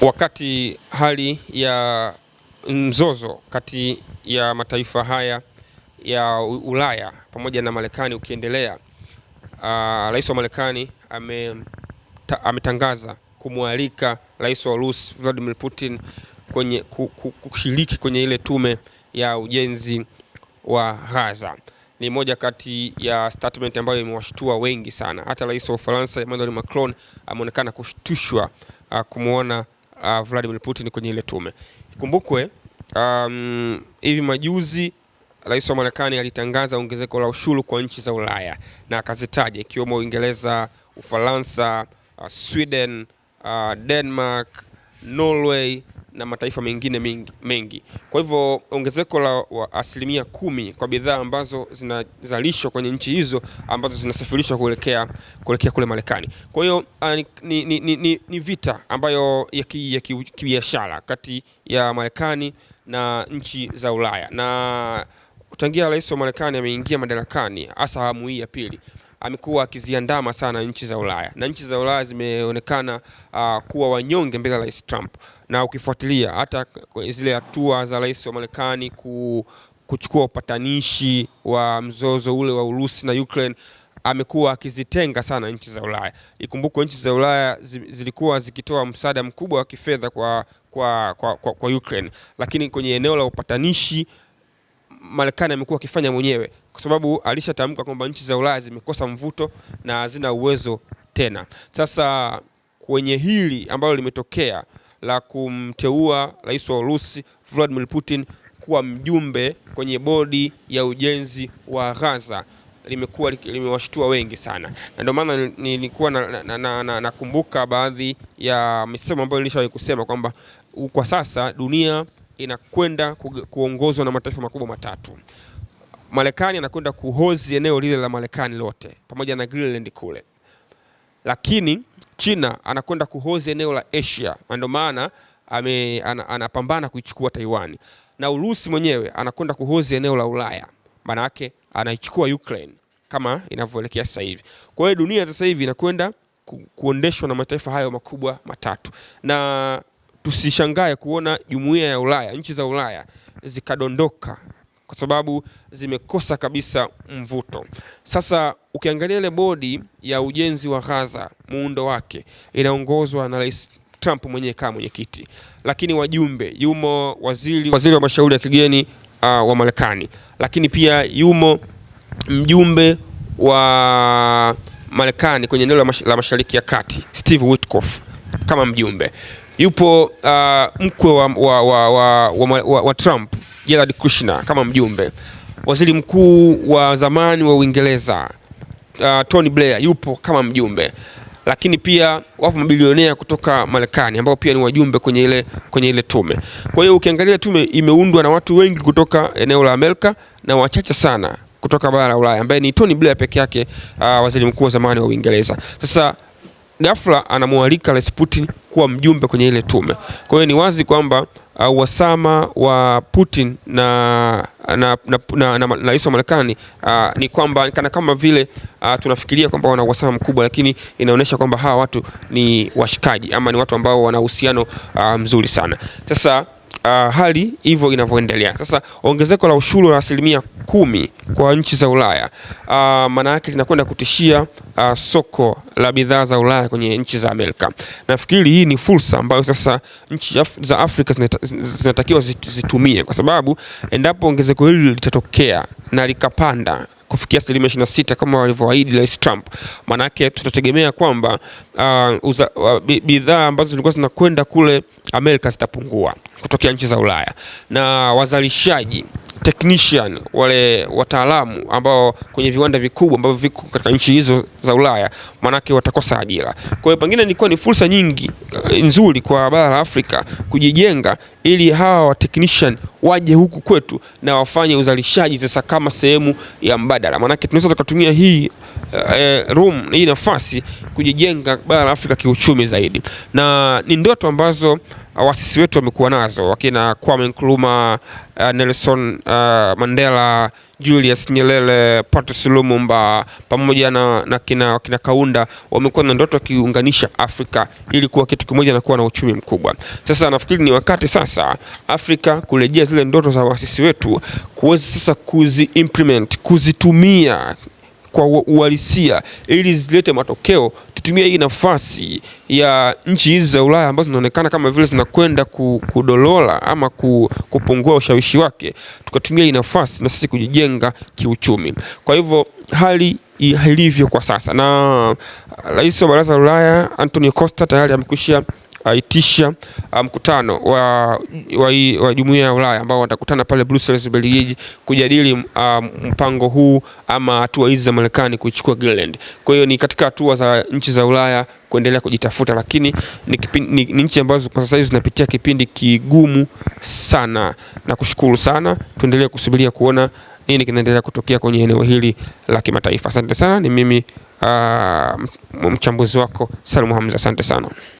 Wakati hali ya mzozo kati ya mataifa haya ya Ulaya pamoja na Marekani ukiendelea, uh, rais wa Marekani ametangaza kumwalika rais wa Urusi Vladimir Putin kwenye kushiriki kwenye ile tume ya ujenzi wa Gaza. Ni moja kati ya statement ambayo imewashtua wengi sana. Hata rais wa Ufaransa Emmanuel Macron ameonekana kushtushwa uh, kumwona uh, Vladimir Putin kwenye ile tume. Ikumbukwe um, hivi majuzi Rais wa Marekani alitangaza ongezeko la ushuru kwa nchi za Ulaya na akazitaja ikiwemo Uingereza, Ufaransa, uh, Sweden, uh, Denmark, Norway na mataifa mengine mengi, mengi. Kwa hivyo ongezeko la asilimia kumi kwa bidhaa ambazo zinazalishwa kwenye nchi hizo ambazo zinasafirishwa kuelekea kuelekea kule Marekani. Kwa hiyo ni, ni, ni, ni, ni vita ambayo ya kibiashara kati ya Marekani na nchi za Ulaya na tangia rais wa Marekani ameingia madarakani hasa awamu hii ya pili amekuwa akiziandama sana nchi za Ulaya na nchi za Ulaya zimeonekana uh, kuwa wanyonge mbele ya Rais Trump, na ukifuatilia hata zile hatua za rais wa Marekani ku, kuchukua upatanishi wa mzozo ule wa Urusi na Ukraine amekuwa akizitenga sana nchi za Ulaya. Ikumbukwe nchi za Ulaya zilikuwa zikitoa msaada mkubwa wa kifedha kwa, kwa, kwa, kwa, kwa Ukraine, lakini kwenye eneo la upatanishi Marekani amekuwa akifanya mwenyewe, kwa sababu alishatamka kwamba nchi za Ulaya zimekosa mvuto na hazina uwezo tena. Sasa kwenye hili ambalo limetokea la kumteua rais wa Urusi Vladimir Putin kuwa mjumbe kwenye bodi ya ujenzi wa Gaza limekuwa limewashtua wengi sana, na ndio maana nilikuwa nakumbuka na, na, na, na baadhi ya misemo ambayo nilishawahi kusema kwamba kwa sasa dunia inakwenda kuongozwa na mataifa makubwa matatu. Marekani anakwenda kuhozi eneo lile la Marekani lote pamoja na Greenland kule, lakini China anakwenda kuhozi eneo la Asia, ndio maana anapambana kuichukua Taiwan, na Urusi mwenyewe anakwenda kuhozi eneo la Ulaya, maana yake anaichukua Ukraine kama inavyoelekea sasa hivi. Kwa hiyo dunia sasa hivi inakwenda kuendeshwa na mataifa hayo makubwa matatu na tusishangae kuona jumuiya ya Ulaya, nchi za Ulaya zikadondoka kwa sababu zimekosa kabisa mvuto. Sasa ukiangalia ile bodi ya ujenzi wa Gaza, muundo wake inaongozwa na Rais Trump mwenyewe kama mwenyekiti, lakini wajumbe yumo waziri, waziri wa mashauri ya kigeni uh, wa Marekani, lakini pia yumo mjumbe wa Marekani kwenye eneo la mashariki ya kati Steve Witkoff kama mjumbe. Yupo uh, mkwe wa, wa, wa, wa, wa, wa, wa Trump Jared Kushner kama mjumbe. Waziri mkuu wa zamani wa Uingereza uh, Tony Blair yupo kama mjumbe, lakini pia wapo mabilionea kutoka Marekani ambao pia ni wajumbe kwenye ile, kwenye ile tume. Kwa hiyo ukiangalia tume imeundwa na watu wengi kutoka eneo la Amerika na wachache sana kutoka bara la Ulaya ambaye ni Tony Blair peke yake, uh, waziri mkuu wa zamani wa Uingereza. Sasa ghafla anamwalika Rais Putin kuwa mjumbe kwenye ile tume. Kwa hiyo ni wazi kwamba uh, wasama wa Putin na na na rais wa Marekani uh, ni kwamba kana kama vile uh, tunafikiria kwamba wana uhasama mkubwa, lakini inaonyesha kwamba hawa watu ni washikaji ama ni watu ambao wana uhusiano uh, mzuri sana. Sasa uh, hali hivyo inavyoendelea sasa, ongezeko la ushuru la asilimia kumi kwa nchi za Ulaya uh, maana yake linakwenda kutishia uh, soko la bidhaa za Ulaya kwenye nchi za Amerika. Nafikiri hii ni fursa ambayo sasa nchi af za Afrika zinatakiwa zitumie, kwa sababu endapo ongezeko hili litatokea na likapanda kufikia asilimia 26 kama walivyoahidi Rais Trump. Maanake tutategemea kwamba uh, uh, bidhaa ambazo zilikuwa zinakwenda kule Amerika zitapungua kutokea nchi za Ulaya na wazalishaji technician wale wataalamu ambao kwenye viwanda vikubwa ambavyo viko katika nchi hizo za Ulaya, manake watakosa ajira. Kwa hiyo pengine ilikuwa ni fursa nyingi eh, nzuri kwa bara la Afrika kujijenga, ili hawa wa technician waje huku kwetu na wafanye uzalishaji sasa kama sehemu ya mbadala, maanake tunaweza tukatumia hii uh, room hii nafasi kujijenga bara la Afrika kiuchumi zaidi, na ni ndoto ambazo Uh, wasisi wetu wamekuwa nazo wakina Kwame Nkrumah, uh, Nelson uh, Mandela, Julius Nyerere, Patrice Lumumba pamoja na, na kina, kina Kaunda wamekuwa na ndoto wakiunganisha Afrika ili kuwa kitu kimoja na kuwa na uchumi mkubwa. Sasa nafikiri ni wakati sasa Afrika kurejea zile ndoto za wasisi wetu kuweza sasa kuzi implement kuzitumia kwa uhalisia ili zilete matokeo. Tutumie hii nafasi ya nchi hizi za Ulaya ambazo zinaonekana kama vile zinakwenda kudolola ama kupungua ushawishi wake, tukatumia hii nafasi na sisi kujijenga kiuchumi. Kwa hivyo hali ilivyo kwa sasa, na rais wa baraza la Ulaya Antonio Costa tayari amekwisha aitisha uh, mkutano um, wa, wa, wa jumuiya ya Ulaya ambao watakutana pale Brussels, Ubelgiji kujadili um, mpango huu ama hatua hizi za Marekani kuichukua Greenland. Kwa hiyo ni katika hatua za nchi za Ulaya kuendelea kujitafuta, lakini ni, ni, ni nchi ambazo kwa sasa hivi zinapitia kipindi kigumu sana. Na kushukuru sana, tuendelee kusubiria kuona nini kinaendelea kutokea kwenye eneo hili la kimataifa. Asante sana, ni mimi uh, mchambuzi wako Salum Hamza, asante sana.